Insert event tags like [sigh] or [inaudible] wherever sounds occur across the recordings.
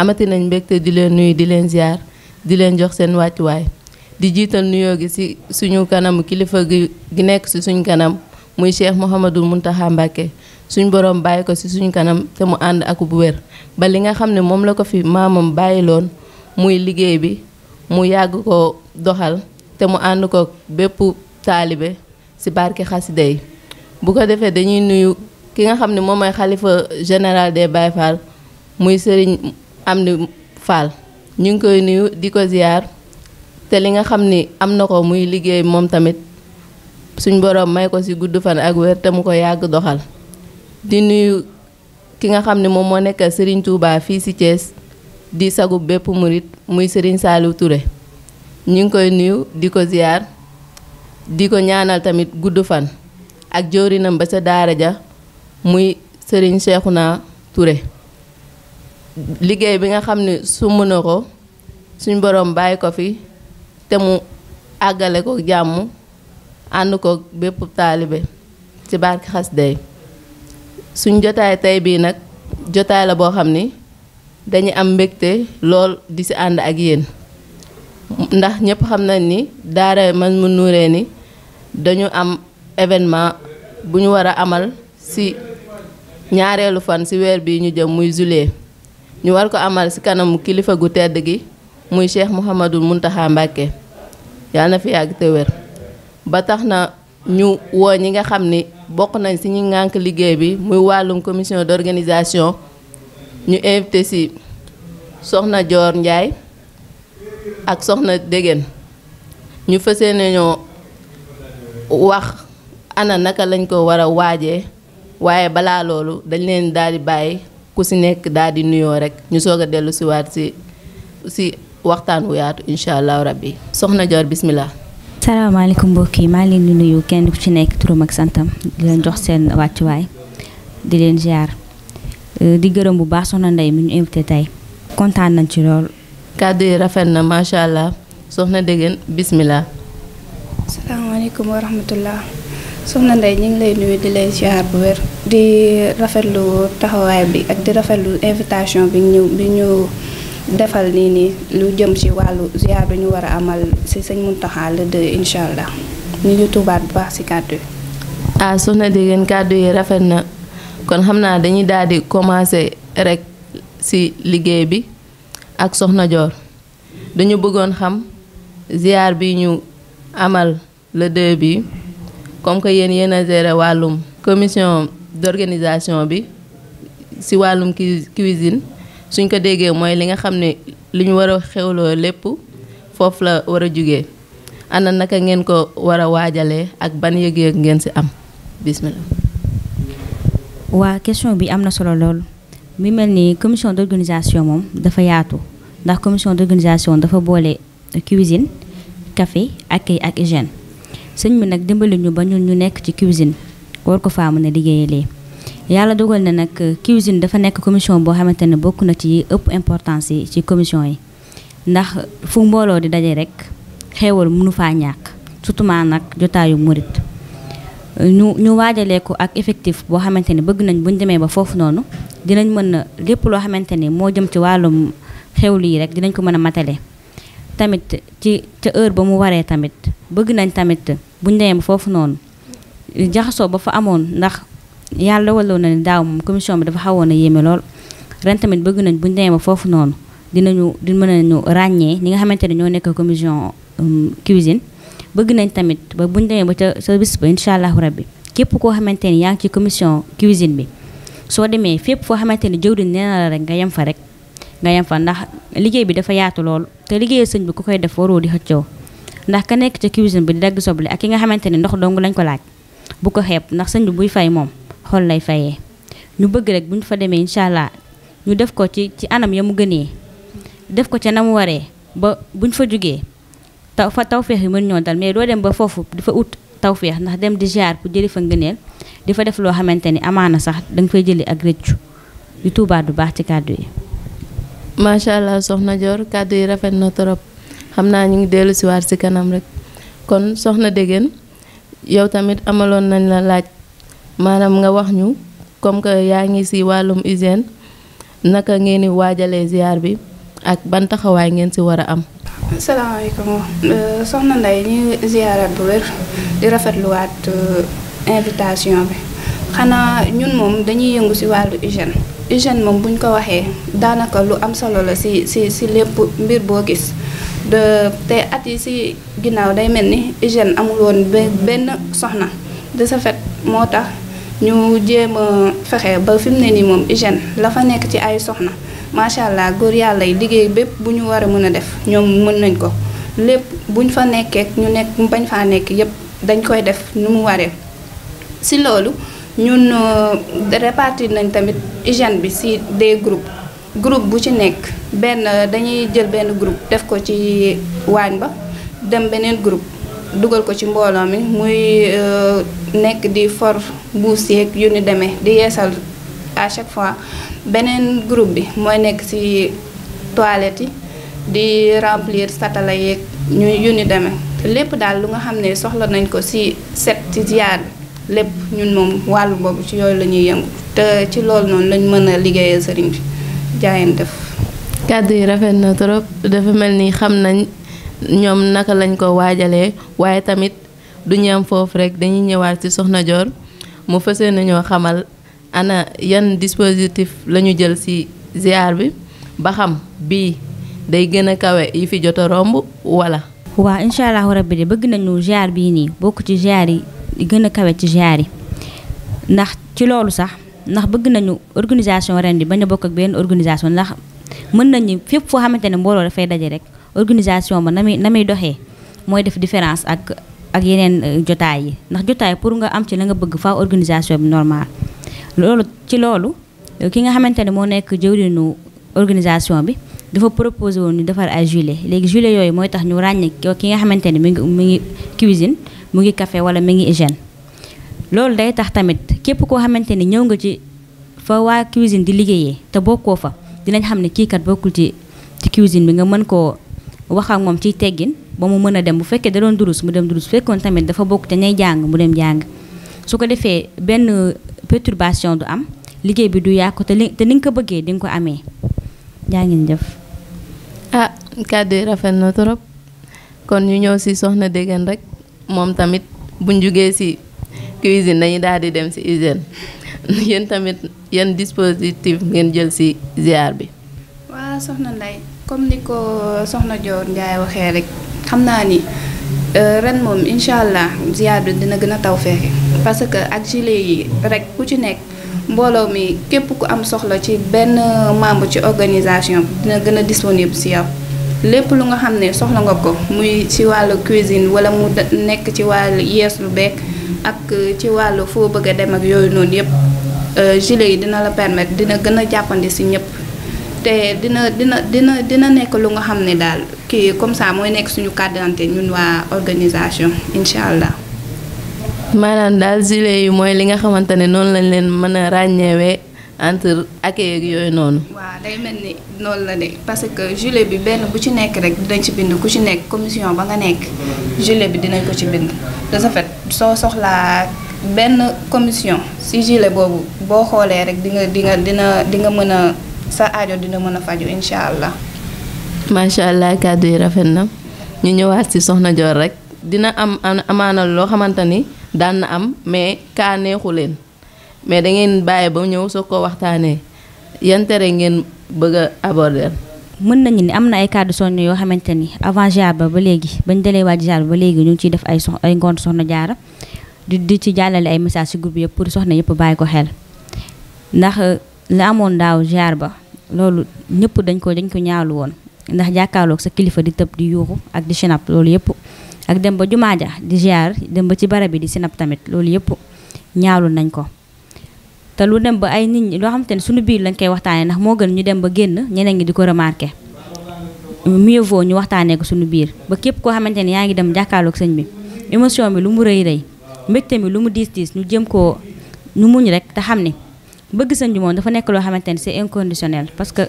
amati nañ mbégte di leen nuyu di leen ziar di leen jox seen wàccuwaay di jiital nuyoo gi ci suñu kanamu kilifa gi gi nekk ci suñu kanam muy Cheikh Mouhamadul Mountakha Mbacké suñ borom bàyyi ko ci suñu kanam te mu ànd ak bu wér ba li nga xam ne moom la ko fi maamam bàyyiloon muy liggéey bi mu yàgg ko doxal te mu ànd ko bépp taalibe ci barke xasida yi bu ko defee dañuy nuyu ki nga xam ne moom mooy xalifa général des Baye Fall muy Serigne Amdi Fall ñu ngi koy nuyu di ko ziar. te li nga xam ni am na ko muy liggéey moom tamit suñ boroom may ko ci gudd fan ak wér te mu ko yàgg doxal di nuyu ki nga xam ne moom moo nekk sëriñ Touba fii ci Thiès di sagu bépp murit muy sëriñ Saliou ture ñu ngi koy nuyu di ko ziar di ko ñaanal tamit gudd fan ak jóorinam ba sa daara ja muy sëriñ seexu naa ture liggéey bi nga xam ne sumb na ko suñ boroom bàyyi ko fi te mu àggale ko jàmm ànd ko bépp taalibe ci barke xasida yi suñ jotaay tey bii nag jotaay la boo xam ni dañu am mbégte lool di ci ànd ak yéen ndax ñëpp xam na ni daara man mu nuuree ni dañu am événement bu ñu war a amal ci ñaareelu fan si weer bii ñu jëm muy juillet ñu war ko amal si kanamu kilifa gu tedd gi muy Cheikh Mouhamadul muntaxa Mbacké yàlla na fi yàgg te wér ba tax na ñu woo ñi nga xam ni bokk nañ si ñu ŋànk liggéey bi muy wàllum commission d'organisation ñu invité si soxna joor njaay ak soxna Dégène ñu fas yéene ñoo wax ana naka lañ ko war a waajee waaye balaa loolu dañ leen daal di bàyyi ku ci nekk daal di nuyoo rek ñu soog a dellu si waat si si waxtaan wu yaatu incha allah rabbi soxna Dior bismillah. salaamaaleykum mbokk yi maa leen di nuyu kenn ku ci nekk turam ak santam di leen jox seen wàccuwaay di leen ziar euh, di gërëm bu baax soxna Ndeye mi ñu invité tey kontaan nañ ci lool. kàddu yi rafet na macha allah soxna Degen bismillah. salaamaaleykum wa rahmatullah soxna Ndeye ñu ngi lay nuyu di lay ziar bu wér. di rafetlu taxawaay bi ak di rafetlu invitation bi ñu bi ñu. defal ni nii lu jëm ci wàllu ziar bi ñu war a amal ci sëñ Muntaxa le deux incha allah ñu ngi tuubaat bu baax ci kàddu yi. ah soxna rafet na kon xam naa dañuy daal di commencer rekk ci liggéey bi ak soxna Joor dañu bëggoon xam ziar bi ñu amal le deux bi comme que yéen yéen a wàllum commission d'organisation bi ci wàllum cuisine suñ ko déggee mooy li nga xam ne li ñu war a xewloo lépp foofu la war a jugee na naka ngeen ko war a waajalee ak ban yëg-yëg ngeen ci am bismillah. waa question bi am na solo lool mi mel ni commission d'organisation moom dafa yaatu ndax commission d'organisation dafa boole cuisine café accueil ak hygiène sëñ bi nag dimbali ñu ba ñu ñu nekk ci cuisine war ko faa mën a liggéeyalee. yàlla dogal na nag cuisine dafa nekk commission boo xamante ne bokk na ci ëpp importance yi ci commission yi ndax fu mbooloo di daje rek xéewal munu faa ñàkk surtout maa nag jotaayu murit ñu ñu waajalee ko ak effectif boo xamante ne bëgg nañ bu ñu demee ba foofu noonu dinañ mën a lépp loo xamante ne moo jëm ci wàllu xewlu yi rek dinañ ko mën a matale tamit ci ca heure ba mu waree tamit bëgg nañ tamit buñ ñu demee ba foofu noonu jaxasoo ba fa amoon ndax yàlla dawaloon na ne daaw moom commission bi dafa xawoon a yéeme lool ren tamit bëgg nañ buñ demee ba foofu noonu dinañu di mën nañu ràññee ñi nga xamante ne ñoo nekk commission cuisine bëgg nañ tamit ba buñ demee ba ca service ba incha allahu rabbi képp koo xamante ni yaa ngi ci commission bi soo demee fépp foo xamante ni jëwriñ nee na la rek nga yem fa rek nga yem fa ndax liggéey bi dafa yaatu lool te liggéey sëñ bi ku koy def waroo di xëccoo ndax ka nekk ca cuisine bi di dagg soble ak ki nga xamante ne ndox dong lañ ko laaj bu ko xeep ndax sëñ bi buy fay moom xool lay fayee ñu bëgg rek bu ñu fa demee incha ñu def ko ci ci anam ya mu gënee def ko ca na mu waree ba buñ fa jógee taw fa tawféex yi mën ñoo dal mais doo dem ba foofu di fa ut tawféex ndax dem di ziar pour jëli fa ngëneel di fa def loo xamante ni amaana sax danga fay jëli ak rëccu di tuubaat du baax ci kàddu yi. macha allah soxna joor kàddu yi rafet na trop xam naa ñu ngi dellu si waat si kanam rek kon soxna Degen yow tamit amaloon nañ la laaj. maanaam nga wax ñu comme que yaa ngi si wàllum hygiène naka ngeen di waajalee ziar bi ak ban taxawaay ngeen si war a am. asalaamaaleykum euh, soxna Ndeye ñu ziarat bu wér di rafetluwaat euh, invitation bi xanaa ñun moom dañuy yëngu si wàllu hygiène. hygiène moom buñ ko waxee daanaka lu am solo la si si si lépp mbir boo gis te at yi si ginnaaw day mel ni hygiène amul benn soxna de ce moo tax. ñu jéem a fexe ba fi mu ne nii moom hygiène la fa nekk ci ay soxna macha allah góor yàlla yi liggéey bépp bu ñu war mën a def ñoom mën nañ ko lépp buñ fa nekkee ñu nekk bañ faa nekk yépp dañ koy def nu mu waree si loolu ñun euh, répartir nañ tamit hygiène bi si des groupes groupe bu ci nekk benn dañuy jël benn groupe def ko ci waañ ba dem beneen groupe dugal ko ci mbooloo mi muy euh, nekk di for buus yeeg yu ni demee di yeesal à chaque fois beneen groupe bi mooy nekk ci toilette yi di remplir satala yéeg ñu yu ni demee lépp daal lu nga xam ne soxla nañ ko ci set ci ziar lépp ñun moom wàllu boobu ci yooyu la ñuy yëngu te ci loolu noonu lañ mën a liggéeyee sëriñ bi jaayeen def. kàddu yi rafet na trop dafa mel ni xam nañ. ñoom naka lañ ko waajalee waaye tamit du ñu am foofu rek dañuy ñëwaat ci Soxna joor mu fas nañoo xamal ana yan dispositif la ñu jël ci ziar bi ba xam bii day gën a kawe yi fi jot romb wala. waaw incha allahu rabbi de bëgg nañu ziar bii nii bokk ci ziar yi gën a kawe ci ziar yi ndax ci loolu sax ndax bëgg nañu organisation ren di bañ a bokk ak benn organisation ndax mën nañu fépp foo xamante ne mbooloo dafay daje rek. organisation ba na muy na muy doxee mooy def différence ak ak yeneen euh, jotaay yi ndax jotaay pour nga am ci la nga bëgg faaw organisation bi normal loolu ci loolu euh, ki nga xamante ne moo nekk jëwriñu organisation bi dafa proposé woon ñu defar ay julet léegi julet yooyu mooy tax ñu ràññee ki nga xamante ni mu ngi mu ngi cuisine mu ngi kafe wala mu ngi hygiène loolu day tax tamit képp koo xamante ni ñëw nga ci fa waa cuisine di liggéeyee te bokkoo fa dinañ xam ne kii kat bokkul ci ci cuisine bi nga mën koo wax ak moom ciy teggin ba mu mën a dem bu fekkee daloon doon durus mu dem durus fekkoon tamit dafa bokk te ñay jàng mu dem jàng su ko defee benn perturbation du am liggéey bi du yàqu te li te ni nga ko bëggee di nga ko amee jaa ngeen jëf. ah kàddu rafet na trop kon ñu ñëw si soxna Degene rek moom tamit buñ jugee si cuisine dañuy daal di dem si hygiène [laughs] yéen tamit yan dispositif ngeen jël si ziar bi. waa soxna Ndeye. comme ni ko soxna Dior Ndiaye waxee rek xam naa ni euh, ren moom incha allah ziar bi dina gën a taw feexe parce que ak gilet yi rek ku ci nekk mbooloo mi képp ku am soxla ci benn membre ci organisation dina gën a disponible si yow lépp lu nga xam ne soxla nga ko muy ci wàllu cuisine wala mu nekk ci wàll yees lu beek ak ci wàll foo bëgg dem ak yooyu noonu yëpp euh, gilet yi dina la permettre dina gën a jàppandi si ñëpp. te dina dina dina dina nekk lu nga xam ne daal kii comme ça mooy nekk suñu carte d'identité ñun waa organisation incha allah. maanaam daal gilet yi mooy li nga xamante ne noonu lañ leen mën a ràññeewee entre ak yooyu noonu. waaw day mel ni noonu la de parce que gilet bi benn bu ci nekk rek dinañ ci bind ku ci nekk commission ba nga nekk gilet bi dinañ ko ci bind de fait soo soxlaa. benn commission si gilet boobu boo xoolee rek di nga di dina di nga mën a sa aajo dina mën a faju incha allah. macha allah kàddu yi rafet na ñu ñëwaat ci soxna Dior rek dina am amaana loo xamante ni daan na am mais kaa neexu leen mais da ngeen bàyyi ba ñëw soo ko waxtaanee yan tere ngeen bëgg a aborder. mën nañu ni am na ay kàddu soxna yoo xamante ni avant jaar ba ba léegi bañ dalee waaj jaar ba léegi ñu ngi ciy def ay sox ay ngoon soxna jaara di di ci jàllale ay message ci groupe yëpp pour soxna yëpp bàyyi ko xel ndax la amoon daaw ziar ba loolu ñëpp dañ ko dañ ko ñaalu woon ndax jàkkaarlook sa kilifa di tëb di yuuxu ak di sinap loolu yëpp ak dem ba jumaaja di ziar dem ba ci barab bi di sinap tamit loolu yëpp ñaawlu nañ ko te lu dem ba ay nit ñi loo xam te ne suñu biir lañ koy waxtaanee ndax moo gën ñu dem ba génn ñeneen ñi di ko remarqué mieux vaut ñu waxtaanee ko suñu biir ba képp koo xamante ni yaa ngi dem jàkkaarloog sëñ bi émotion bi lu mu rëy rëy mbégte mi lu mu diis diis ñu jëm koo ñu muñ rek te xam bëgg sëñ bi moom dafa nekk loo xamante ni c'est inconditionnel parce que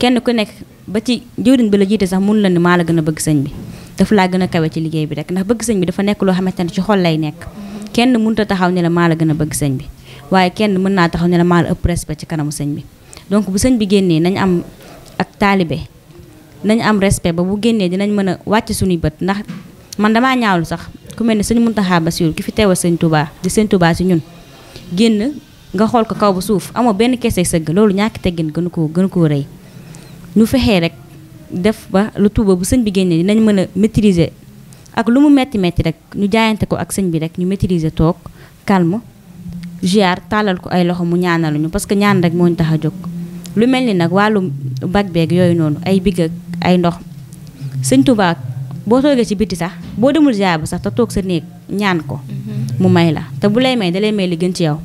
kenn ku nekk ba ci jëwriñ bi la jiite sax mun la ni maa la gën a bëgg sëñ bi daf laa gën a kawe ci liggéey bi rek ndax bëgg sëñ bi dafa nekk loo xamante ni ci xol lay nekk kenn munta taxaw ne la maa la gën a bëgg sëñ bi waaye kenn mën naa taxaw ne la maa la ëpp respect ci kanamu sëñ bi donc bu sëñ bi génnee nañ am ak taalibe nañ am respect ba bu génnee dinañ mën a wàcc suñuy bët ndax man damaa ñaawlu sax ku mel ne sëñ Muntaxa Basiru ki fi teewal sëñ Touba di sëñ si ñun génn nga xool ko kaw ba suuf amoo benn keese sëgg loolu ñàkk teggin gënu koo gënu koo rëy ñu fexee rek def ba lu tuuba bu sëñ bi génnee dinañ mën a maîtriser ak lu mu metti metti rek ñu jaayante ko ak sëñ bi rek ñu maîtriser toog calme ziar tàllal ko ay loxo mu ñaanal ñu parce que ñaan rek moo ñu tax a jóg. lu mel ni nag wàllu bag beeg yooyu noonu ay big ak ay ndox sëñ Tuubaa boo toogee ci biti sax boo demul ziar ba sax te toog sa néeg ñaan ko mm-hmm. mu may la te bu lay may da lay may li gën ci yow.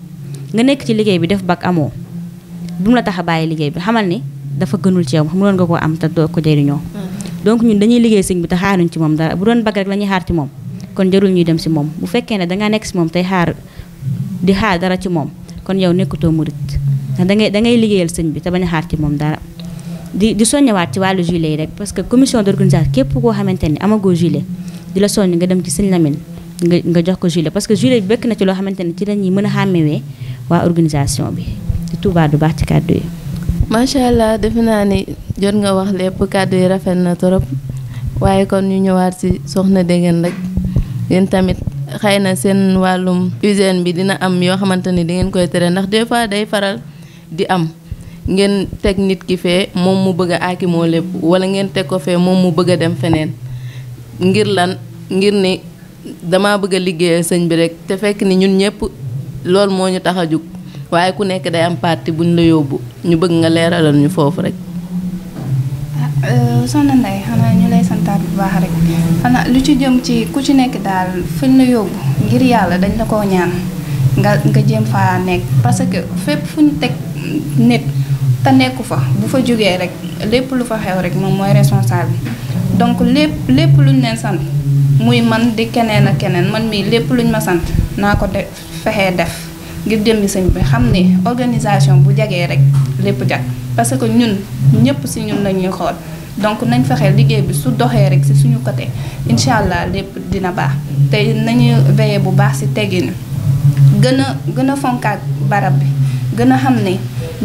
nga nekk ci liggéey bi def bag amoo bu mu la tax a bàyyi liggéey bi xamal ni dafa gënul ceew yow xam loon ko am te doo ko jëriñoo hmm. donc ñun dañuy liggéey sëñ bi te xaaruñ ci moom dara bu doon bac rek la ñuy moom kon jarul ñuy dem si moom bu fekkee ne dangaa nekk si moom tey xaar di xaar dara ci moom kon yow nekkutoo murit ndax dangay dangay liggéeyal sëñ bi te a xaar ci moom dara di di soññewaat ci wàllu juillet yi rek parce que commission d'organisation képp koo xamante ni amagoo juillet di la soññ nga dem ci sëñ Lamine nga nga jox ko juillet parce que juillet bi bëkk na ci loo xamante ni ci lañuy mën a xàmmewee waa organisation bi di Touba du baax ci kàddu yi. macha allah defe naa ni jot nga wax lépp kàddu yi rafet na trop waaye kon ñu ñëwaat si soxna Degen rek yéen tamit xëy na seen wàllum hygiène bi dina am yoo xamante ni di koy tere ndax des fois day faral di am. ngeen teg nit ki fee moom mu bëgg a aakimoo lépp wala ngeen teg ko fee moom mu bëgg a dem feneen ngir lan ngir ni dama bëgg a liggéeyal sëñ bi rek te fekk ni ñun ñëpp loolu moo ñu tax a jóg waaye ku nekk day am parti buñ la yóbbu ñu bëgg nga leeralal ñu foofu rek. Ah, euh, soxna Ndeye xanaa ñu lay santaat bu baax rek xanaa lu ci jëm ci ku ci nekk daal fuñ la yóbbu ngir yàlla dañ la koo ñaan nga nga jéem faa nekk parce que fépp fuñ teg nit te nekku fa bu fa jógee rek lépp lu fa xew rek moom mooy responsable bi donc lépp lépp luñ leen sant muy man di keneen ak keneen man mii lépp luñ ma sant naa ko te fexee def ngir jëmmi sëñ bi xam ne organisation bu jagee rek lépp jag parce que ñun ñëpp si ñun la ñuy xool donc nañ fexee liggéey bi su doxee rek si suñu côté incha allah lépp dina baax te nañu veillé bu baax si tegginu gën a gën a fonkaat barab bi gën a xam ne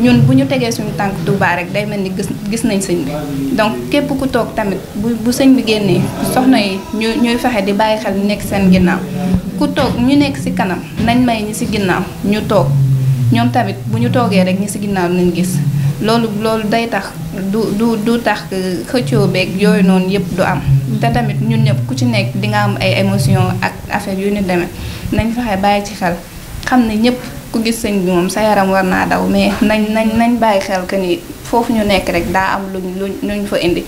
ñun bu ñu tegee suñu tànk Touba rek day mel ni gis gis nañ sëñ bi donc képp ku toog tamit bu sëñ bi génnee soxna yi ñu ñuy fexe di bàyyi xel nekk seen ginnaaw ku toog ñu nekk ci kanam nañ may ñi ci ginnaaw ñu toog ñoom tamit bu ñu toogee rek ñi ci ginnaaw nañ gis loolu loolu day tax du du du tax xëccoo beeg yooyu noonu yëpp du am te tamit ñun ñëpp ku ci nekk di nga am ay émotion ak affaire yu ñu deme nañ fexe bàyyi ci xel xam ne ñëpp ku gis sëñ moom sa yaram war naa daw mais nañ nañ nañ bàyyi xel que ni foofu ñu nekk rek daa am luñ luñ luñ fa indi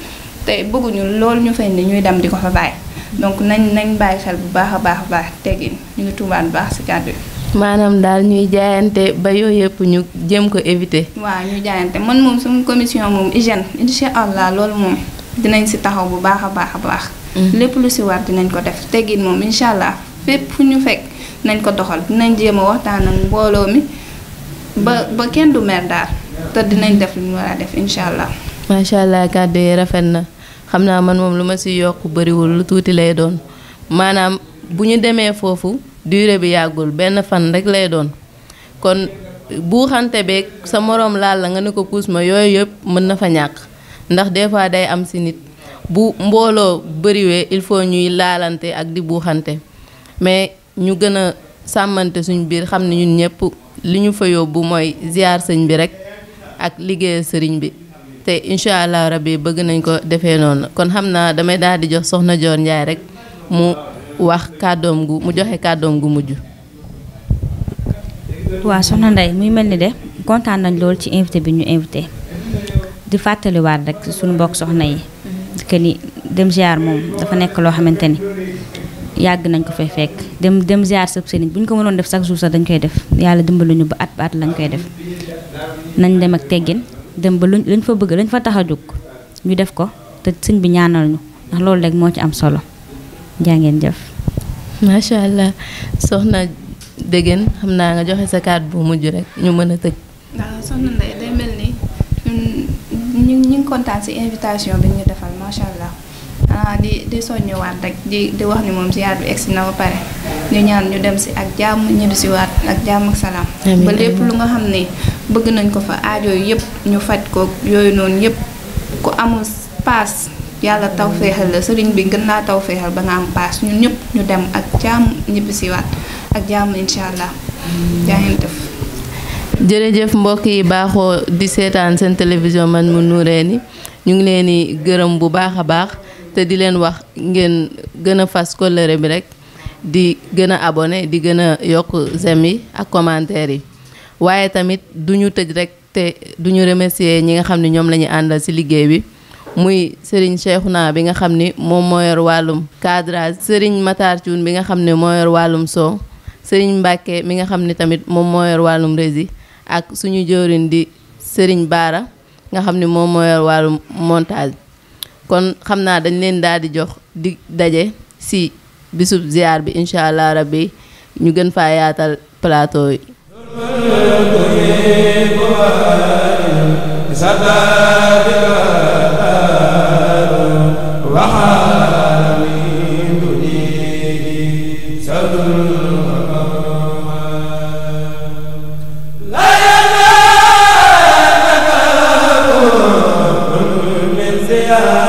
te bëgguñu loolu ñu fa indi ñuy dem di ko fa bàyyi. donc nañ nañ bàyyi xel bu baax a baax a baax teggin ñu ngi tuubaan baax si kàddu yi. maanaam daal ñuy jaayante ba yooyu yëpp ñu jëm ko éviter. waaw ñu jaayante man moom suñu commission moom hygiène incha allah loolu moom dinañ si taxaw bu baax a baax a baax. Mm-hmm. lépp lu si war dinañ ko def teggin moom incha allah fépp fu ñu fekk nañ ko doxal dinañ jéem a waxtaan ak mbooloo mi ba ba kenn du mer daal te dinañ def lu ñu war a def incha allah. macha allah kàddu rafet na. xam naa man moom lu ma si yokk bëriwul lu tuuti lay doon maanaam bu ñu demee foofu durée bi yàggul benn fan rek lay doon kon buuxante beeg sa moroom laal la nga ne ko puus ma yooyu yëpp mën na fa ñàkk ndax des fois day am si nit bu mbooloo bëriwee il faut ñuy laalante ak di buuxante mais ñu gën a sàmmante suñ biir xam ne ñun ñëpp li ñu fa yóbbu mooy ziar sëñ bi rek ak liggéeyal sëriñ bi te incha allah rabbi bëgg nañ ko defee noonu kon xam naa damay daal di jox soxna joor njaay rek mu wax kàddoom gu mu joxe kàddoom gu mujj. waaw soxna ndey muy mel ni de kontaan nañ loolu ci invité bi ñu invité di fàttaliwaat rek suñu bokk soxna yi. que ni dem ziar moom dafa nekk loo xamante ni yàgg nañ ko fay fekk dem dem ziar sëb sëriñ bu ñu ko mënoon def chaque jour sax dañ koy def yàlla ñu ba at ba at lañ koy def nañ dem ak teggin. dem ba luñ lañ fa bëgg lañ fa tax a jóg ñu def ko te sëñ bi ñaanal ñu ndax loolu rek moo ci am solo jaa ngeen jëf. macha allah soxna Degen xam naa nga joxe sa kàddu bu mujj rek ñu mën a tëj. waaw day mel ni ñu ñu kontaan si invitation bi ñu defal macha allah. Ah, di di soññuwaat rek di di wax ni moom ziar bi egsi na ba pare ñu ñaan ñu dem si ak jàmm ñibbi si waat ak jàmm ak salaam. ba lépp lu nga xam ne bëgg nañ ko fa aajo yëpp ñu faj ko yooyu noonu yëpp ku amul paas yàlla taw feexal la sëriñ bi gën laa taw feexal ba nga am paas ñun ñëpp ñu dem ak jàmm ñibbisiwaat ak jàmm incha allah jaa ngeen def. jërëjëf mbokk yi baaxoo di seetaan seen télévision man mu nuuree ni ñu ngi leen di gërëm bu baax a baax te di leen wax ngeen gën a fas kóllëre bi rek di gën a abonné di gën a yokk j'aime ak commentaire yi. waaye tamit du ñu tëj rek te du ñu remercier ñi nga xam ne ñoom la ñu àndal si liggéey bi muy Serigne Cheikhouna bi nga xam ni moom moo wàllum cadrage Serigne Matar bi nga xam ne moo wàllum soo Serigne Mbacke mi nga xam ne tamit moom moo wàllum rési ak suñu jëwriñ di Serigne Baara nga xam ni moom moo wàllum montage kon xam naa dañ leen daal di jox di daje si bisub ziar bi incha allah bi ñu gën faa yaatal plateau yi. ko